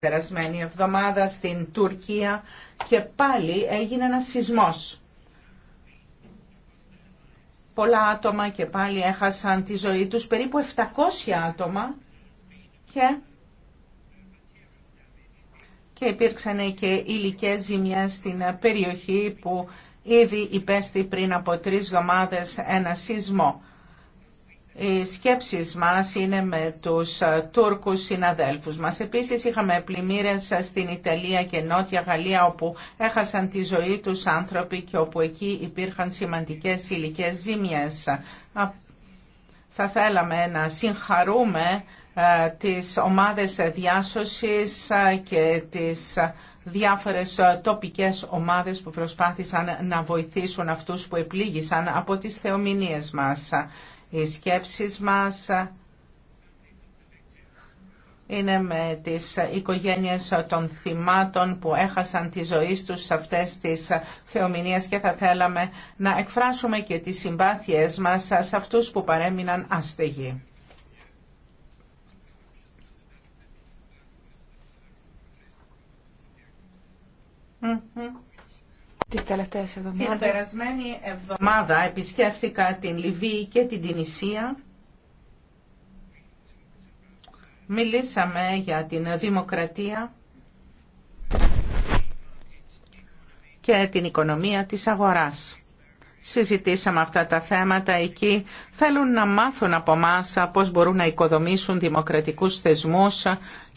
περασμένη εβδομάδα στην Τουρκία και πάλι έγινε ένα σεισμός. Πολλά άτομα και πάλι έχασαν τη ζωή τους, περίπου 700 άτομα και, και υπήρξαν και υλικέ ζημιέ στην περιοχή που ήδη υπέστη πριν από τρει εβδομάδες ένα σεισμό οι σκέψεις μας είναι με τους ε, Τούρκους συναδέλφους μας. Επίσης είχαμε πλημμύρες ε, στην Ιταλία και Νότια Γαλλία όπου έχασαν τη ζωή τους άνθρωποι και όπου εκεί υπήρχαν σημαντικές υλικές ζήμιες. Θα θέλαμε να συγχαρούμε ε, τις ομάδες διάσωσης ε, και τις διάφορες ε, τοπικές ομάδες που προσπάθησαν να βοηθήσουν αυτούς που επλήγησαν από τις θεομηνίες μας. Οι σκέψεις μας είναι με τις οικογένειες των θυμάτων που έχασαν τη ζωή τους σε αυτές τις θεομηνίες και θα θέλαμε να εκφράσουμε και τις συμπάθειές μας σε αυτούς που παρέμειναν άστεγοι. Τις τελευταίες εβδομάδες. Την περασμένη εβδομάδα επισκέφθηκα την Λιβύη και την Τινησία Μιλήσαμε για την δημοκρατία και την οικονομία της αγοράς. Συζητήσαμε αυτά τα θέματα εκεί. Θέλουν να μάθουν από εμά πώς μπορούν να οικοδομήσουν δημοκρατικούς θεσμούς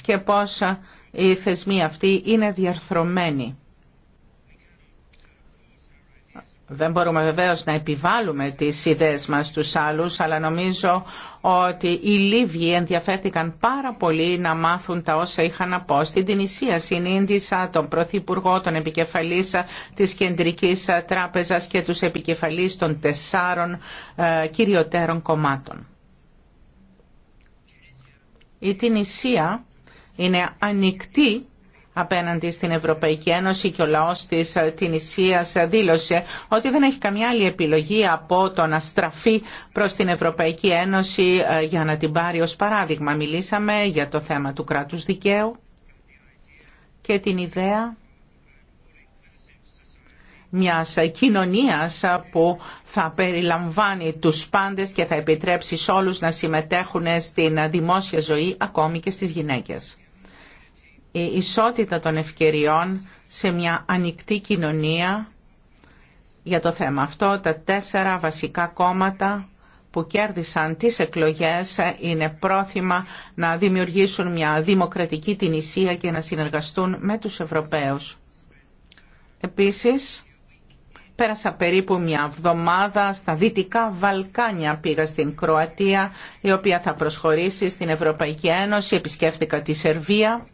και πώς οι θεσμοί αυτοί είναι διαρθρωμένοι. Δεν μπορούμε βεβαίως να επιβάλλουμε τις ιδέες μας στους άλλους, αλλά νομίζω ότι οι Λίβοι ενδιαφέρθηκαν πάρα πολύ να μάθουν τα όσα είχαν να πω. Στην Τινησία συνήντησα τον Πρωθυπουργό, τον επικεφαλής της Κεντρικής Τράπεζας και τους επικεφαλής των τεσσάρων ε, κυριωτέρων κομμάτων. Η Τινησία είναι ανοιχτή απέναντι στην Ευρωπαϊκή Ένωση και ο λαός της ε, Τινησίας ε, δήλωσε ότι δεν έχει καμιά άλλη επιλογή από το να στραφεί προς την Ευρωπαϊκή Ένωση ε, για να την πάρει ως παράδειγμα. Μιλήσαμε για το θέμα του κράτους δικαίου και την ιδέα μιας κοινωνίας που θα περιλαμβάνει τους πάντες και θα επιτρέψει σε όλους να συμμετέχουν στην δημόσια ζωή ακόμη και στις γυναίκες η ε, ισότητα των ευκαιριών σε μια ανοιχτή κοινωνία για το θέμα αυτό. Τα τέσσερα βασικά κόμματα που κέρδισαν τις εκλογές είναι πρόθυμα να δημιουργήσουν μια δημοκρατική την Ισία και να συνεργαστούν με τους Ευρωπαίους. Επίσης, πέρασα περίπου μια εβδομάδα στα Δυτικά Βαλκάνια. Πήγα στην Κροατία, η οποία θα προσχωρήσει στην Ευρωπαϊκή Ένωση. Επισκέφθηκα τη Σερβία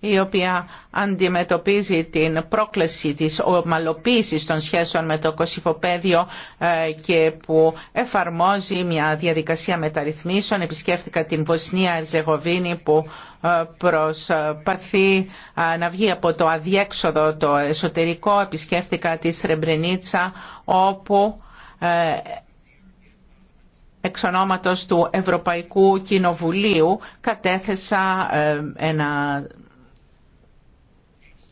η οποία αντιμετωπίζει την πρόκληση της ομαλοποίησης των σχέσεων με το Κωσυφοπαίδιο ε, και που εφαρμόζει μια διαδικασία μεταρρυθμίσεων. Επισκέφθηκα την Βοσνία Ερζεγοβίνη που ε, προσπαθεί ε, να βγει από το αδιέξοδο το εσωτερικό. Επισκέφθηκα τη Σρεμπρενίτσα όπου εξ του Ευρωπαϊκού Κοινοβουλίου κατέθεσα ένα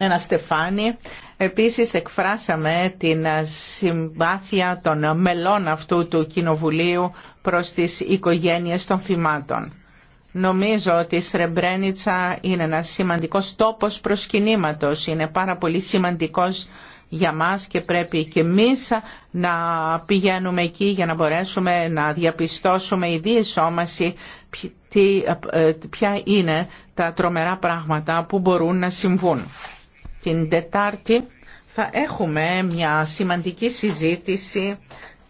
ένα στεφάνι. Επίσης εκφράσαμε την συμπάθεια των μελών αυτού του Κοινοβουλίου προς τις οικογένειες των θυμάτων. Νομίζω ότι η Σρεμπρένιτσα είναι ένας σημαντικός τόπος προσκυνήματος, είναι πάρα πολύ σημαντικός για μας και πρέπει και εμείς να πηγαίνουμε εκεί για να μπορέσουμε να διαπιστώσουμε η διεσόμαση ε, ε, ποια είναι τα τρομερά πράγματα που μπορούν να συμβούν την Τετάρτη θα έχουμε μια σημαντική συζήτηση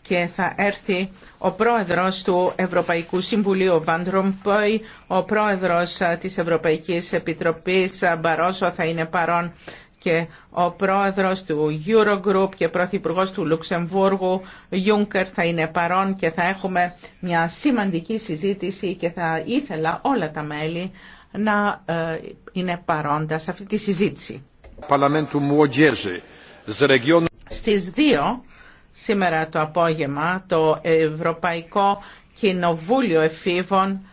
και θα έρθει ο πρόεδρος του Ευρωπαϊκού Συμβουλίου Βαν Ρομπόι, ο πρόεδρος της Ευρωπαϊκής Επιτροπής Μπαρόσο θα είναι παρόν και ο πρόεδρος του Eurogroup και πρωθυπουργός του Λουξεμβούργου Juncker θα είναι παρόν και θα έχουμε μια σημαντική συζήτηση και θα ήθελα όλα τα μέλη να ε, είναι παρόντα σε αυτή τη συζήτηση. Στις 2 σήμερα το απόγευμα το Ευρωπαϊκό Κοινοβούλιο Εφήβων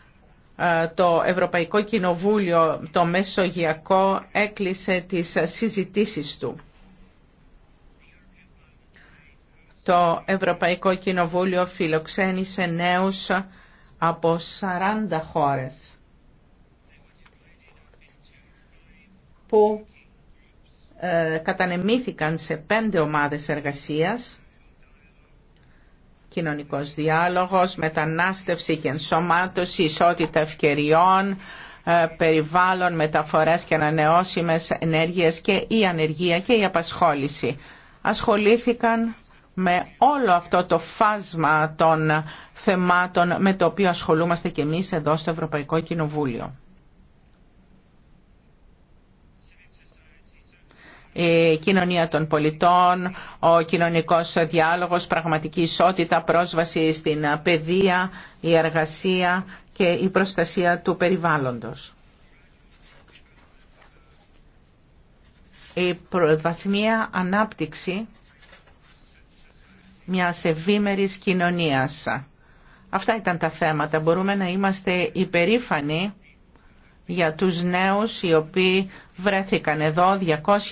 ε, το Ευρωπαϊκό Κοινοβούλιο το Μεσογειακό έκλεισε τις συζητήσεις του. Το Ευρωπαϊκό Κοινοβούλιο φιλοξένησε νέους από 40 χώρες που ε, κατανεμήθηκαν σε πέντε ομάδες εργασίας, κοινωνικός διάλογος, μετανάστευση και ενσωμάτωση, ισότητα ευκαιριών, ε, περιβάλλον, μεταφορές και ανανεώσιμες ενέργειες και η ανεργία και η απασχόληση. Ασχολήθηκαν με όλο αυτό το φάσμα των θεμάτων με το οποίο ασχολούμαστε και εμείς εδώ στο Ευρωπαϊκό Κοινοβούλιο. η κοινωνία των πολιτών, ο κοινωνικός διάλογος, πραγματική ισότητα, πρόσβαση στην παιδεία, η εργασία και η προστασία του περιβάλλοντος. Η βαθμία ανάπτυξη μια ευήμερης κοινωνίας. Αυτά ήταν τα θέματα. Μπορούμε να είμαστε υπερήφανοι για τους νέους οι οποίοι βρέθηκαν εδώ,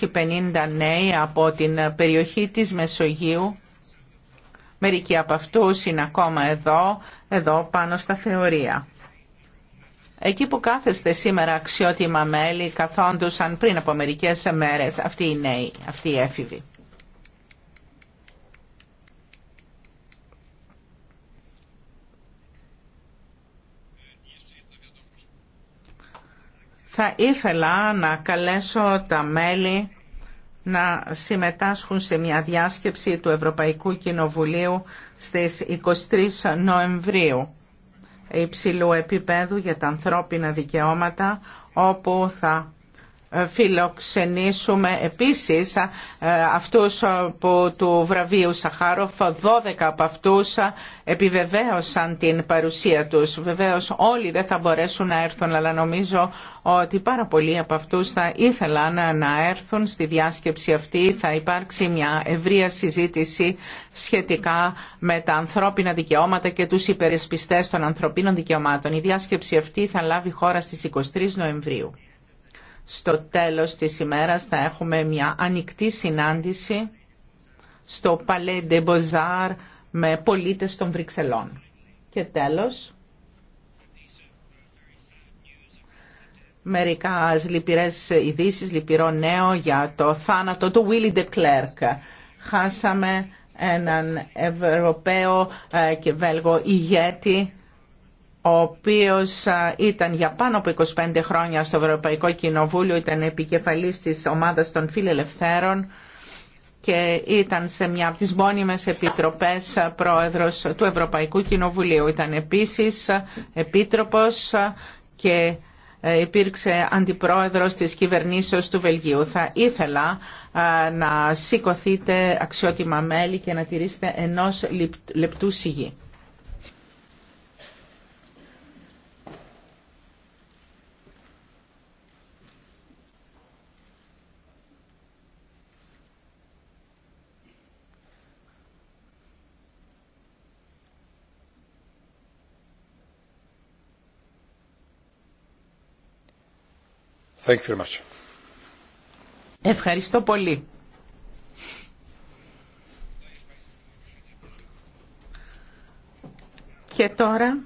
250 νέοι από την περιοχή της Μεσογείου. Μερικοί από αυτούς είναι ακόμα εδώ, εδώ πάνω στα θεωρία. Εκεί που κάθεστε σήμερα αξιότιμα μέλη καθόντουσαν πριν από μερικές μέρες αυτοί οι νέοι, αυτοί οι έφηβοι. Θα ήθελα να καλέσω τα μέλη να συμμετάσχουν σε μια διάσκεψη του Ευρωπαϊκού Κοινοβουλίου στις 23 Νοεμβρίου υψηλού επίπεδου για τα ανθρώπινα δικαιώματα όπου θα φιλοξενήσουμε επίσης ε, αυτούς ε, που του βραβείου Σαχάροφ, 12 από αυτούς ε, επιβεβαίωσαν την παρουσία τους. Βεβαίως όλοι δεν θα μπορέσουν να έρθουν, αλλά νομίζω ότι πάρα πολλοί από αυτούς θα ήθελαν να έρθουν στη διάσκεψη αυτή. Θα υπάρξει μια ευρεία συζήτηση σχετικά με τα ανθρώπινα δικαιώματα και τους υπερεσπιστές των ανθρωπίνων δικαιωμάτων. Η διάσκεψη αυτή θα λάβει χώρα στις 23 Νοεμβρίου στο τέλος της ημέρας θα έχουμε μια ανοιχτή συνάντηση στο Beaux-Arts με πολίτες των Βρυξελών. Και τέλος, μερικά λυπηρές ειδήσει, λυπηρό νέο για το θάνατο του Willy de Klerk. Χάσαμε έναν Ευρωπαίο ε, και Βέλγο ηγέτη ο οποίος ήταν για πάνω από 25 χρόνια στο Ευρωπαϊκό Κοινοβούλιο, ήταν επικεφαλής της ομάδας των φιλελευθέρων και ήταν σε μια από τις μόνιμες επιτροπές πρόεδρος του Ευρωπαϊκού Κοινοβουλίου. Ήταν επίσης επίτροπος και ε, υπήρξε αντιπρόεδρος της κυβερνήσεως του Βελγίου. Θα ήθελα να σηκωθείτε αξιότιμα μέλη και να τηρήσετε ενός λεπτού σιγή. Thank you very much. Ευχαριστώ πολύ. Και τώρα